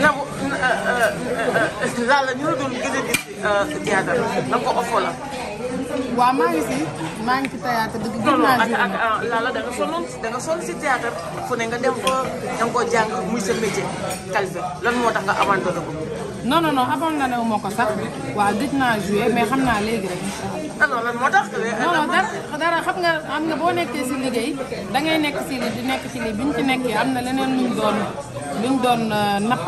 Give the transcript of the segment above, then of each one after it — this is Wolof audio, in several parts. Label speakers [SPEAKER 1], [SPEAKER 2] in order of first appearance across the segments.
[SPEAKER 1] nabu eh, eh, eh, laala ñu la doon gën a gis théâtre na ko offo la
[SPEAKER 2] waaw maa ngi si maa ngi ci théâtre dëgg gis naa ak ak
[SPEAKER 1] laala da nga sonnoon da nga sonn si théâtre fu ne nga dem ko da koo jàng muy sa métier calfe lan moo tax nga abandonné ko
[SPEAKER 2] non non non abandonné wu ma ko sax waaw gëj naa joué mais xam naa léegi rek incha allah. alors ah moo tax. dara xam nga am na boo nekkee si liggéey da ngay nekk si li di nekk si li bi ñu ci nekkee am na leneen luñ doon luñ doon euh,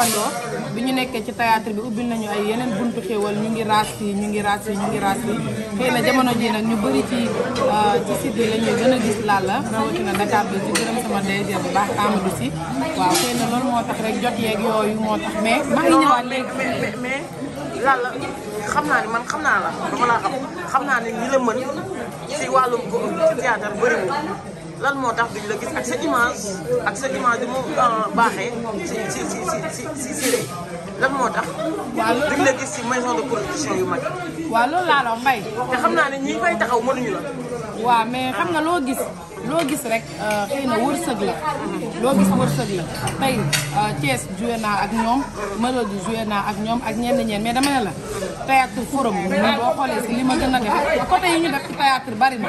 [SPEAKER 2] bi ñu nekkee ci théâtre bi ubbil nañu ay yeneen buntu xéewal ñu ngi raas si ñu ngi raas yi ñu ngi raas yi xëy na ji nag ñu bëri ci euh, ci site la ñuy gën a gis Lalla rawatina Dakar bi ci gërëm sama DG bu baax Amadou si waaw xëy na loolu moo tax rek jot yeeg yooyu moo tax mais maa ngi ñëwaat léegi ม่
[SPEAKER 1] แม่ละะข้ามนานมันข้ามนานละเวลาครับข้ามนานนี้เลยเหมือนสีวาลุงกูที่จะทำบริบูรณ์ละมอดักดิลกิสอักเสกิมาสอักเสบอีมาดิมูอ่บ้าเหรอสิสิสิสิสิสีสแล้วมอดักดิลกิสไม่ชอตัวคนที่ชอบอยู่มันว่าลุงละลองไปแต่ข้ามนานนี้ไม่แต่เขาไม่รู้ละ
[SPEAKER 2] ว่าแม่ข้ามนานลูกิส loo gis rek euh, xëy na wërsëg la loo gis wërsëg la tey euh, Thiès joué naa ak ñoom Marodi joué naa ak ñoom ak ñenn ñeen mais dama ne la théâtre forum ñun boo xoolee si li ma gën a def côté yi ñu def ci théâtre bari na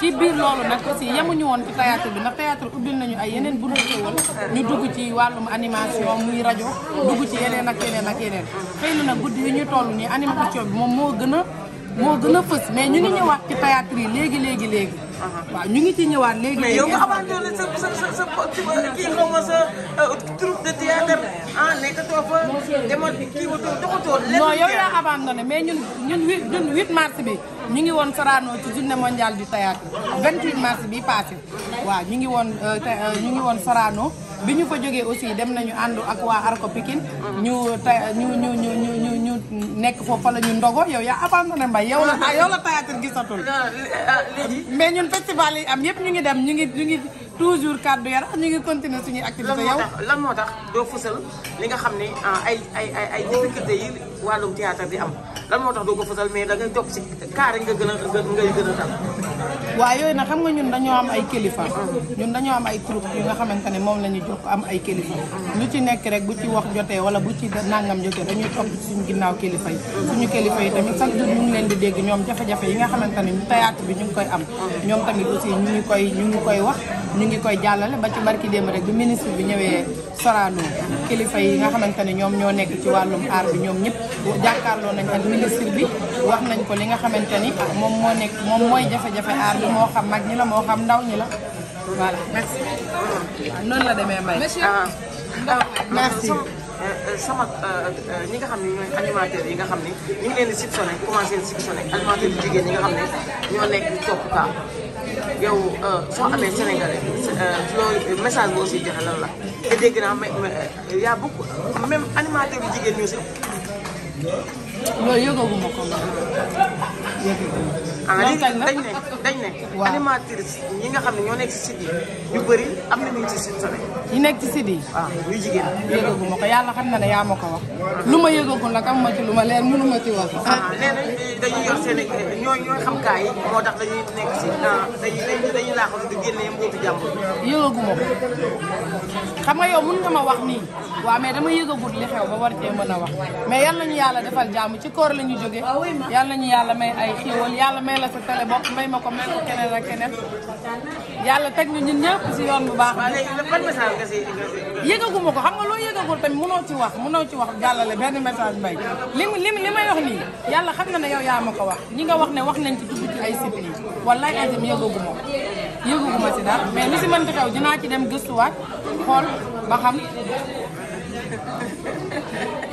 [SPEAKER 2] ci biir loolu nag aussi yemuñu woon ci théâtre bi ndax théâtre ubbil nañu ay yeneen bu wal ñu dugg ci wàllum animation muy rajo dugg ci yeneen ak yeneen ak yeneen xëy na guddi yi ñu toll nii animation bi moom moo gën a moo gën a fës mais ñu ngi léegi léegi léegi waaw ñu ngi ci ñëwaat léegi. mais yow nga
[SPEAKER 1] abandonné sa sa sa sa kii xaw ma sa euh, troupe de théâtre ah nekkatoo fa demoon kii ba doxatoo. non yow yaa
[SPEAKER 2] abandonné mais ñun ñun huit ñun bi ñu ngi woon Sorano ci journée mondiale du théâtre 28 mars bi passé waaw ñu ngi woon euh, euh, ñu ngi woon saraanoo bi ñu fa jógee aussi dem nañu ànd ak waa Arko Pikine ñu ta ñu ñu ñu ñu ñu ñu nekk foofu fa la ñu ndogo yow yaa abandonné mbay yow la yow la théâtre gisatul euh, mais ñun festival yi am yëpp ñu ngi dem ñu ngi ñu ngi toujours kàddu yara ñu ngi continuer suñuy activité yow lan moo tax doo fësal li nga xam
[SPEAKER 1] ne ah, ay ay ay ay difficulté yi wàllum théâtre di am lan moo tax doo ko fasal mais da ngay jóg ci kaare nga gën a
[SPEAKER 2] waaw yooyu nag xam nga ñun dañoo am ay kilifa ñun dañoo am ay troupe yu nga xamante ne moom la ñu jox am ay kilifa lu ci nekk rek bu ci wax jotee wala bu ci nangam jotee dañuy topp suñu ginnaaw kilifa yi suñu kilifa yi tamit chaque jour ñu leen di dégg ñoom jafe-jafe yi nga xamante ne théâtre bi ñu ngi koy am ñoom tamit aussi ñu ngi koy ñu ngi koy wax ñu ngi koy jàllale ba ci barki démb rek bi ministre bi ñëwee Sorano kilifa yi nga xamante ne ñoom ñoo nekk ci wàllum aar bi ñoom ñëpp jàkkaarloo nañ ak ministre bi wax nañ ko li nga xamante ni moom moo nekk moom mooy jafe-jafe aar bi moo xam mag ñi la moo xam ndaw ñi la voilà merci ah, noonu la demee Mbaye ah. merci
[SPEAKER 1] Euh, euh, sama euh, ñi nga xam ne ñooy animateurs yi nga xam ne ñu ngi leen di soupçonné commencé di soupçonné animateurs yu jigéen ñi nga xam ne ñoo nekk di topp kaa yow soo amee Sénégalais loolu message boo siy joxe lan la. te dégg naa mais y' a beaucoup jigéen ñoo si.
[SPEAKER 2] loolu yëgaguma ko moom. yëgaguma ko ah léegi
[SPEAKER 1] dañ ne. dañ ne. waaw animatrice ñi nga xam ne ñoo nekk ci site yi
[SPEAKER 2] ñu bëri am na ñu ci site Soleil. ñu nekk ci site yi. waaw ah, ñu jigéen. yëgagu ma ko yàlla xam na ne yaa ma ko wax. lu ma yëgagu nag am ma ci lu ma leen mënu ci wax. ah nee nañ
[SPEAKER 1] dañuy yor seen i moo tax dañuy nekk ci ah, dañuy dañuy laaxatu di génne mbootu
[SPEAKER 2] jàmbur. yëgagu ma ko xam nga yow mun nga ma wax nii. waaw mais dama yëgagut li xew ba war cee mën a wax mais yal nañu yàlla defal jàmm ci koor la ñu jógee. Ah, yal nañu yàlla may ay xiiwal yàlla may la sa télé bopp may ma ko mel ko keneen yàlla teg ñu ñun ñëpp si yoon bu baax. yëgagu ma ko xam nga loo yëgagul tamit mënoo ci wax mënoo ci wax jàllale benn message mbay li li li nii yàlla xam na ne yow yaa ma ko wax ñi nga wax ne wax nañ ci dugg ci ay site yi wallaay atam yëgagu ma ko yëgagu ma si dara mais li si mënti xew dinaa ci dem gëstuwaat xool ba xam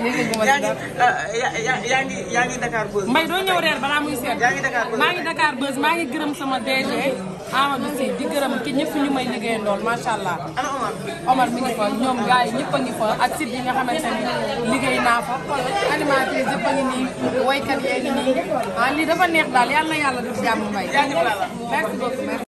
[SPEAKER 2] Ah, yaa ngi yaa ngi Dakar Buzz. Mbaye doo ñëw reer balaa muy seet. yaa ngi maa ngi Dakar Buzz maa ngi gërëm sama DG. Amadou Sy di gërëm ki ñëpp ñu may liggéeyandool macha allah. ana Omar. Omar mi ngi fa ñoom gars yi ngi fa ak site yi nga xamante ne liggéey naa fa. animatrice yëpp a ngi nii woykat yee ngi nii ah lii dafa neex daal yàlla na yàlla def jàmm Mbaye.